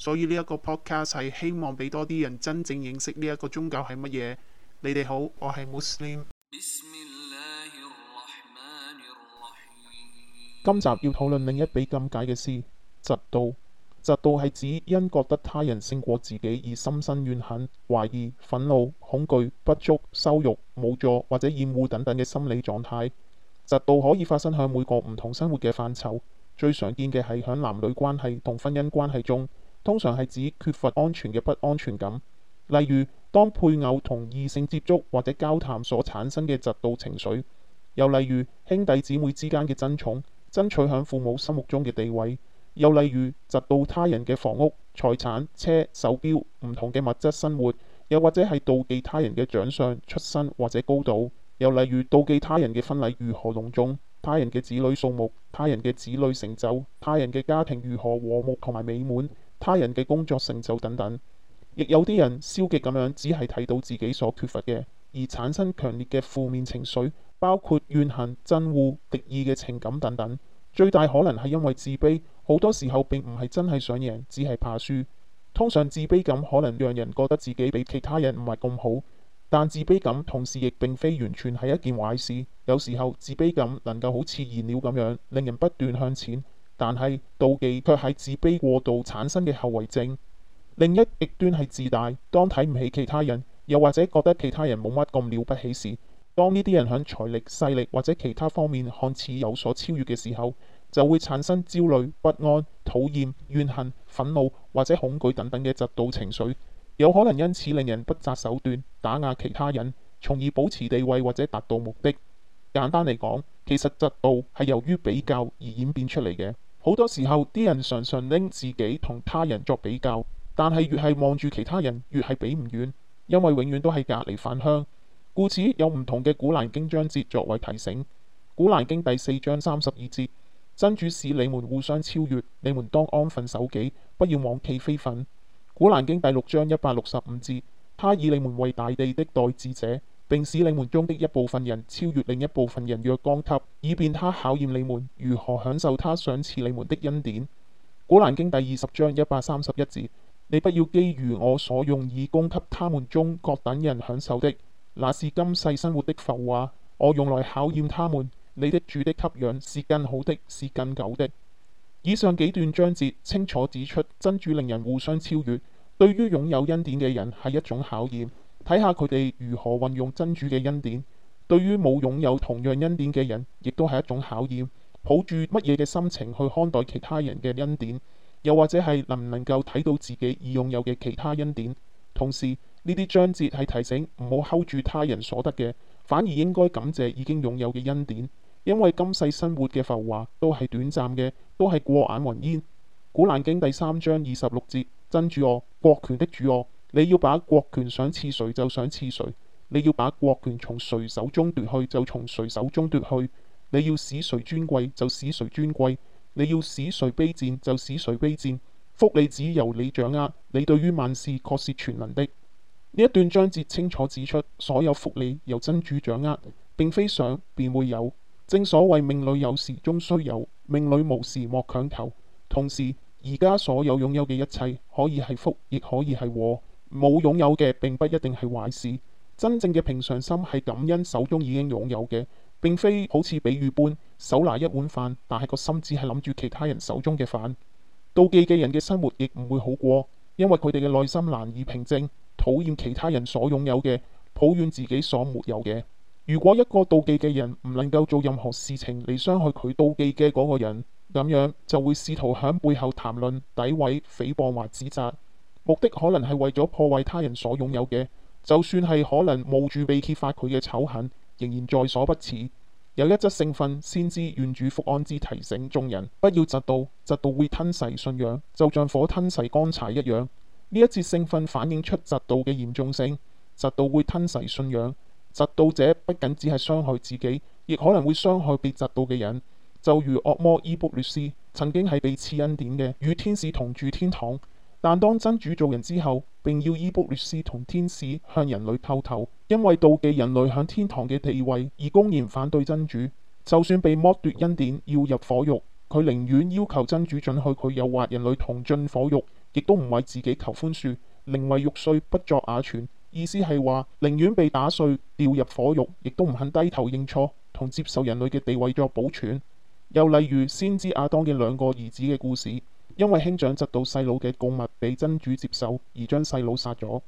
所以呢一個 podcast 係希望俾多啲人真正認識呢一個宗教係乜嘢？你哋好，我係 Muslim。今集要討論另一被禁戒嘅事，嫉妒。嫉妒係指因覺得他人勝過自己而心生怨恨、懷疑、憤怒、恐懼、不足、羞辱、無助或者厭惡等等嘅心理狀態。嫉妒可以發生喺每個唔同生活嘅範疇，最常見嘅係喺男女關係同婚姻關係中。通常係指缺乏安全嘅不安全感，例如當配偶同異性接觸或者交談所產生嘅嫉妒情緒；又例如兄弟姊妹之間嘅爭寵、爭取響父母心目中嘅地位；又例如嫉妒他人嘅房屋、財產、車、手表、唔同嘅物質生活；又或者係妒忌他人嘅長相、出身或者高度；又例如妒忌他人嘅婚禮如何隆重、他人嘅子女數目、他人嘅子女成就、他人嘅家庭如何和睦同埋美滿。他人嘅工作成就等等，亦有啲人消極咁樣，只係睇到自己所缺乏嘅，而產生強烈嘅負面情緒，包括怨恨、憎惡、敵意嘅情感等等。最大可能係因為自卑，好多時候並唔係真係想贏，只係怕輸。通常自卑感可能讓人覺得自己比其他人唔係咁好，但自卑感同時亦並非完全係一件壞事。有時候，自卑感能夠好似燃料咁樣，令人不斷向前。但係妒忌卻係自卑過度產生嘅後遺症。另一極端係自大，當睇唔起其他人，又或者覺得其他人冇乜咁了不起時，當呢啲人響財力、勢力或者其他方面看似有所超越嘅時候，就會產生焦慮、不安、討厭、怨恨、憤怒或者恐懼等等嘅嫉妒情緒。有可能因此令人不擇手段打壓其他人，從而保持地位或者達到目的。簡單嚟講，其實嫉妒係由於比較而演變出嚟嘅。好多時候啲人常常拎自己同他人作比較，但係越係望住其他人，越係比唔遠，因為永遠都係隔籬返鄉。故此有唔同嘅《古蘭經》章節作為提醒，《古蘭經》第四章三十二節：「真主使你們互相超越，你們當安分守己，不要妄企非分。」《古蘭經》第六章一百六十五節：他以你們為大地的代治者。並使你們中的一部分人超越另一部分人若干級，以便他考驗你們如何享受他想賜你們的恩典。古蘭經第二十章一百三十一字：你不要基於我所用以供給他們中各等人享受的，那是今世生活的浮華。我用來考驗他們。你的主的給養是更好的，是更久的。以上幾段章節清楚指出，真主令人互相超越，對於擁有恩典嘅人係一種考驗。睇下佢哋如何運用真主嘅恩典，對於冇擁有同樣恩典嘅人，亦都係一種考驗。抱住乜嘢嘅心情去看待其他人嘅恩典，又或者係能唔能夠睇到自己已擁有嘅其他恩典？同時，呢啲章節係提醒唔好睺住他人所得嘅，反而應該感謝已經擁有嘅恩典，因為今世生活嘅浮華都係短暫嘅，都係過眼雲煙。古蘭經第三章二十六節，真主我，國權的主我。你要把國權想賜誰就想賜誰，你要把國權從誰手中奪去就從誰手中奪去，你要使誰尊貴就使誰尊貴，你要使誰卑賤就使誰卑賤。福利只由你掌握，你對於萬事確是全能的。呢一段章節清楚指出，所有福利由真主掌握，並非想便會有。正所謂命裏有時終須有，命裏無時莫強求。同時，而家所有擁有嘅一切可以係福，亦可以係禍。冇擁有嘅並不一定係壞事，真正嘅平常心係感恩手中已經擁有嘅。並非好似比喻般手拿一碗飯，但係個心只係諗住其他人手中嘅飯。妒忌嘅人嘅生活亦唔會好過，因為佢哋嘅內心難以平靜，討厭其他人所擁有嘅，抱怨自己所沒有嘅。如果一個妒忌嘅人唔能夠做任何事情嚟傷害佢妒忌嘅嗰個人，咁樣就會試圖響背後談論、詆毀、誹謗或指責。目的可能係為咗破壞他人所擁有嘅，就算係可能冒住被揭發佢嘅醜恨，仍然在所不辭。有一則聖訓，先知願主福安之提醒眾人不要嫉妒，嫉妒會吞噬信仰，就像火吞噬乾柴一樣。呢一節聖訓反映出嫉妒嘅嚴重性。嫉妒會吞噬信仰，嫉妒者不僅只係傷害自己，亦可能會傷害被嫉妒嘅人。就如惡魔伊卜略斯曾經係被賜恩典嘅，與天使同住天堂。但當真主造人之後，並要伊布列斯同天使向人類叩頭，因為妒忌人類響天堂嘅地位，而公然反對真主。就算被剝奪恩典，要入火獄，佢寧願要求真主准許佢誘惑人類同進火獄，亦都唔為自己求寬恕，寧為玉碎不作瓦全。意思係話寧願被打碎、掉入火獄，亦都唔肯低頭認錯同接受人類嘅地位作保全。又例如先知亞當嘅兩個兒子嘅故事。因為兄長執到細佬嘅供物俾真主接受，而將細佬殺咗。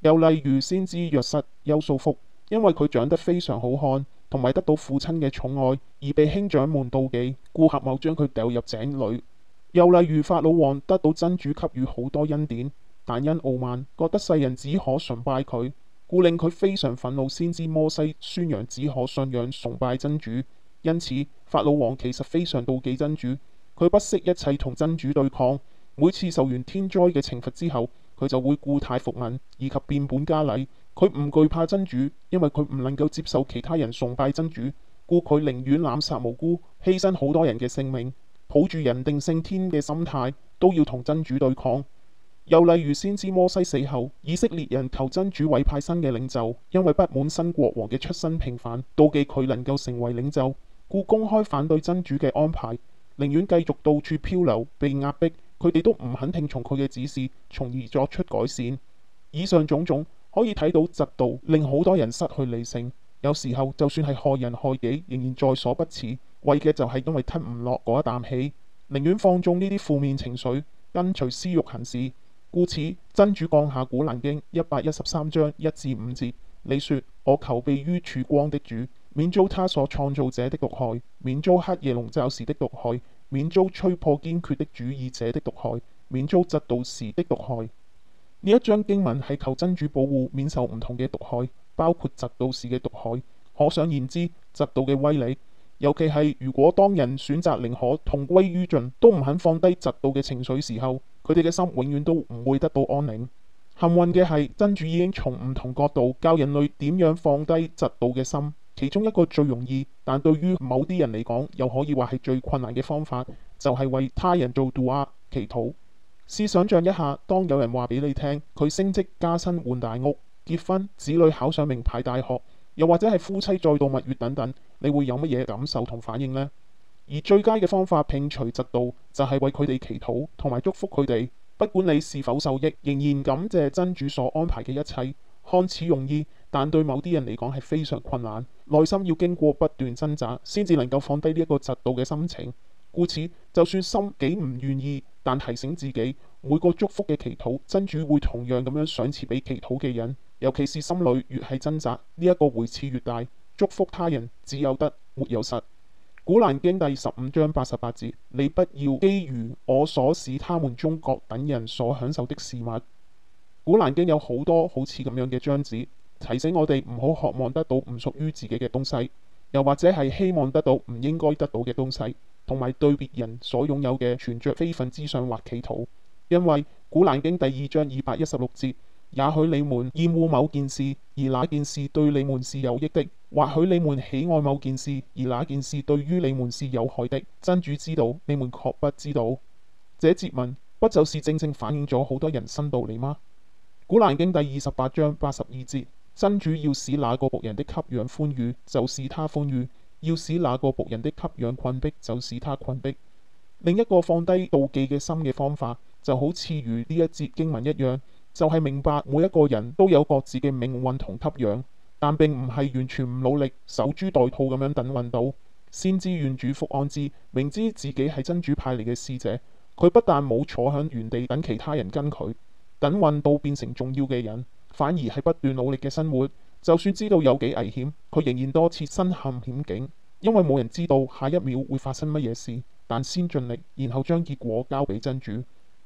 又例如先知若失優素福，因為佢長得非常好看，同埋得到父親嘅寵愛，而被兄長們妒忌，故合謀將佢丟入井裏。又例如法老王得到真主給予好多恩典，但因傲慢，覺得世人只可崇拜佢，故令佢非常憤怒。先知摩西宣揚只可信仰崇拜真主，因此法老王其實非常妒忌真主。佢不惜一切同真主對抗，每次受完天災嘅懲罰之後，佢就會故態復萌，以及變本加厲。佢唔懼怕真主，因為佢唔能夠接受其他人崇拜真主，故佢寧願濫殺無辜，犧牲好多人嘅性命，抱住人定勝天嘅心態都要同真主對抗。又例如先知摩西死後，以色列人求真主委派新嘅領袖，因為不滿新國王嘅出身平凡，妒忌佢能夠成為領袖，故公開反對真主嘅安排，寧願繼續到處漂流、被壓迫，佢哋都唔肯聽從佢嘅指示，從而作出改善。以上種種可以睇到，嫉妒令好多人失去理性。有時候就算係害人害己，仍然在所不辭，為嘅就係因為吞唔落嗰一啖氣，寧願放縱呢啲負面情緒，跟隨私慾行事。故此，真主降下古蘭經一百一十三章一至五節，你説：我求避於曙光的主。免遭他所創造者的毒害，免遭黑夜籠罩時的毒害，免遭吹破堅決的主義者的毒害，免遭嫉妒時的毒害。呢一張經文係求真主保護免受唔同嘅毒害，包括嫉妒時嘅毒害。可想而知，嫉妒嘅威力。尤其係如果當人選擇寧可同歸於盡，都唔肯放低嫉妒嘅情緒時候，佢哋嘅心永遠都唔會得到安寧。幸運嘅係真主已經從唔同角度教人類點樣放低嫉妒嘅心。其中一個最容易，但對於某啲人嚟講，又可以話係最困難嘅方法，就係、是、為他人做 Dua、祈禱。試想象一下，當有人話俾你聽，佢升職加薪、換大屋、結婚、子女考上名牌大學，又或者係夫妻再度蜜月等等，你會有乜嘢感受同反應呢？而最佳嘅方法摒除嫉妒，就係、是、為佢哋祈禱同埋祝福佢哋，不管你是否受益，仍然感謝真主所安排嘅一切。看似容易。但對某啲人嚟講係非常困難，內心要經過不斷掙扎，先至能夠放低呢一個嫉妒嘅心情。故此，就算心幾唔願意，但提醒自己每個祝福嘅祈禱，真主會同樣咁樣賞賜俾祈禱嘅人。尤其是心裡越係掙扎，呢、這、一個回賜越大。祝福他人只有得沒有實。古蘭經第十五章八十八節：你不要覬覦我所使他們中國等人所享受的事物。古蘭經有好多好似咁樣嘅章子。提醒我哋唔好渴望得到唔屬於自己嘅東西，又或者係希望得到唔應該得到嘅東西，同埋對別人所擁有嘅存着非分之想或企圖。因為《古蘭經》第二章二百一十六節，也許你們厭惡某件事而那件事對你們是有益的，或許你們喜愛某件事而那件事對於你們是有害的。真主知道你們確不知道。這節文不就是正正反映咗好多人生道理嗎？《古蘭經》第二十八章八十二節。真主要使哪個僕人的吸氧寬裕，就使他寬裕；要使哪個僕人的吸氧困迫，就使他困迫。另一個放低妒忌嘅心嘅方法，就好似如呢一節經文一樣，就係明白每一個人都有各自嘅命運同吸氧，但並唔係完全唔努力守株待兔咁樣等運到。先知願主福安之，明知自己係真主派嚟嘅使者，佢不但冇坐響原地等其他人跟佢，等運到變成重要嘅人。反而係不斷努力嘅生活，就算知道有幾危險，佢仍然多次身陷險境，因為冇人知道下一秒會發生乜嘢事。但先盡力，然後將結果交俾真主。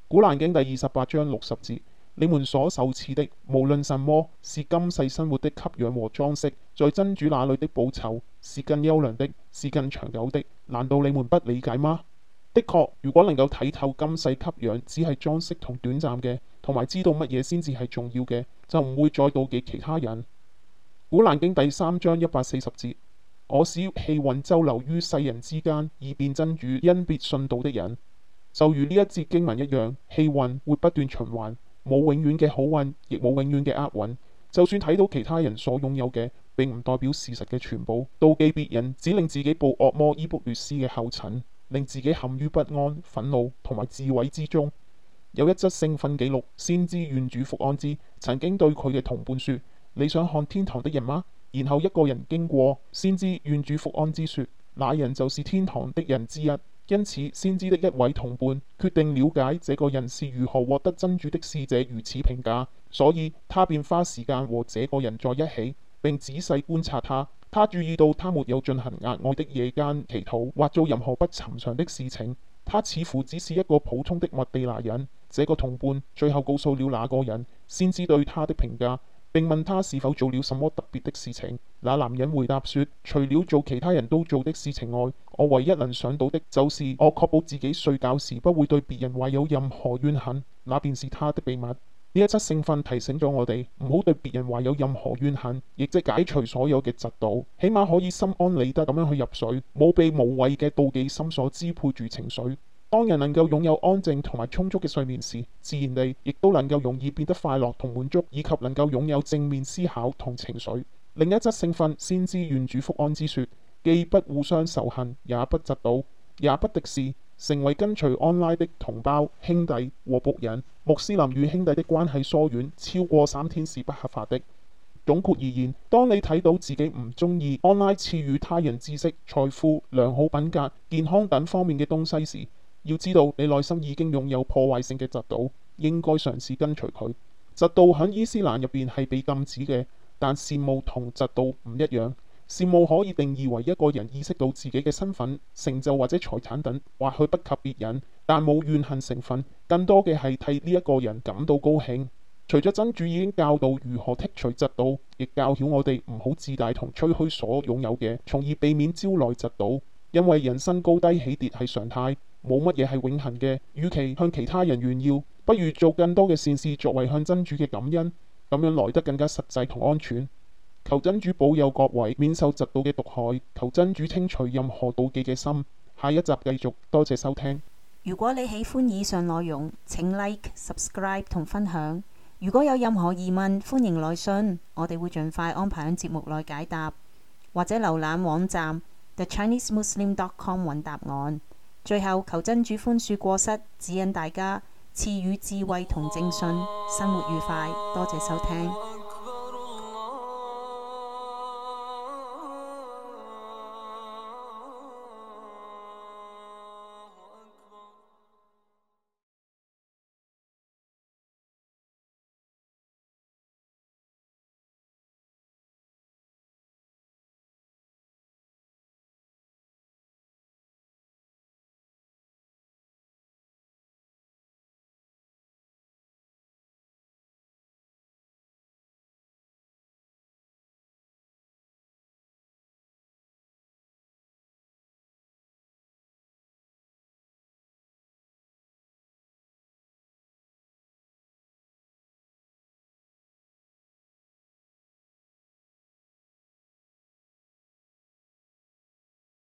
古蘭經第二十八章六十節：你們所受賜的無論什麼，是今世生活的給養和裝飾，在真主那裏的報酬是更優良的，是更長久的。難道你們不理解嗎？的確，如果能夠睇透今世給養只係裝飾同短暫嘅，同埋知道乜嘢先至係重要嘅。就唔會再妒忌其他人。《古蘭經》第三章一百四十節：我使氣運周流於世人之間，以便真主甄別信道的人。就如呢一節經文一樣，氣運會不斷循環，冇永遠嘅好運，亦冇永遠嘅厄運。就算睇到其他人所擁有嘅，並唔代表事實嘅全部。妒忌別人，只令自己步惡魔伊卜列斯嘅後塵，令自己陷於不安、憤怒同埋自毀之中。有一則聖訓記錄，先知願主福安之曾經對佢嘅同伴說：你想看天堂的人嗎？然後一個人經過，先知願主福安之說，那人就是天堂的人之一。因此，先知的一位同伴決定了解這個人是如何獲得真主的使者如此評價，所以他便花時間和這個人在一起，並仔細觀察他。他注意到他沒有進行額外的夜間祈禱或做任何不尋常的事情，他似乎只是一個普通的麥地那人。這個同伴最後告訴了那個人先知對他的評價，並問他是否做了什麼特別的事情。那男人回答說：除了做其他人都做的事情外，我唯一能想到的，就是我確保自己睡覺時不會對別人懷有任何怨恨。那便是他的秘密。呢一則聖訓提醒咗我哋，唔好對別人懷有任何怨恨，亦即解除所有嘅嫉妒，起碼可以心安理得咁樣去入睡，冇被無謂嘅妒忌心所支配住情緒。當人能夠擁有安靜同埋充足嘅睡眠時，自然地亦都能夠容易變得快樂同滿足，以及能夠擁有正面思考同情緒。另一則聖訓先知願主福安之說，既不互相仇恨，也不嫉妒，也不敵視，成為跟隨安拉的同胞、兄弟和僕人。穆斯林與兄弟的關係疏遠超過三天是不合法的。總括而言，當你睇到自己唔中意安拉賜予他人知識、財富、良好品格、健康等方面嘅東西時，要知道，你內心已經擁有破壞性嘅嫉妒，應該嘗試跟隨佢。嫉妒喺伊斯蘭入邊係被禁止嘅，但羨慕同嫉妒唔一樣。羨慕可以定義為一個人意識到自己嘅身份、成就或者財產等，或許不及別人，但冇怨恨成分，更多嘅係替呢一個人感到高興。除咗真主已經教導如何剔除嫉妒，亦教曉我哋唔好自大同吹噓所擁有嘅，從而避免招來嫉妒。因為人生高低起跌係常態。冇乜嘢係永恆嘅，與其向其他人炫耀，不如做更多嘅善事，作為向真主嘅感恩，咁樣來得更加實際同安全。求真主保佑各位免受嫉妒嘅毒害，求真主清除任何妒忌嘅心。下一集繼續，多謝收聽。如果你喜歡以上內容，請 like、subscribe 同分享。如果有任何疑問，歡迎來信，我哋會盡快安排喺節目內解答，或者瀏覽網站 TheChineseMuslim.com 揾答案。最後求真主寬恕過失，指引大家，賜予智慧同正信，生活愉快。多謝收聽。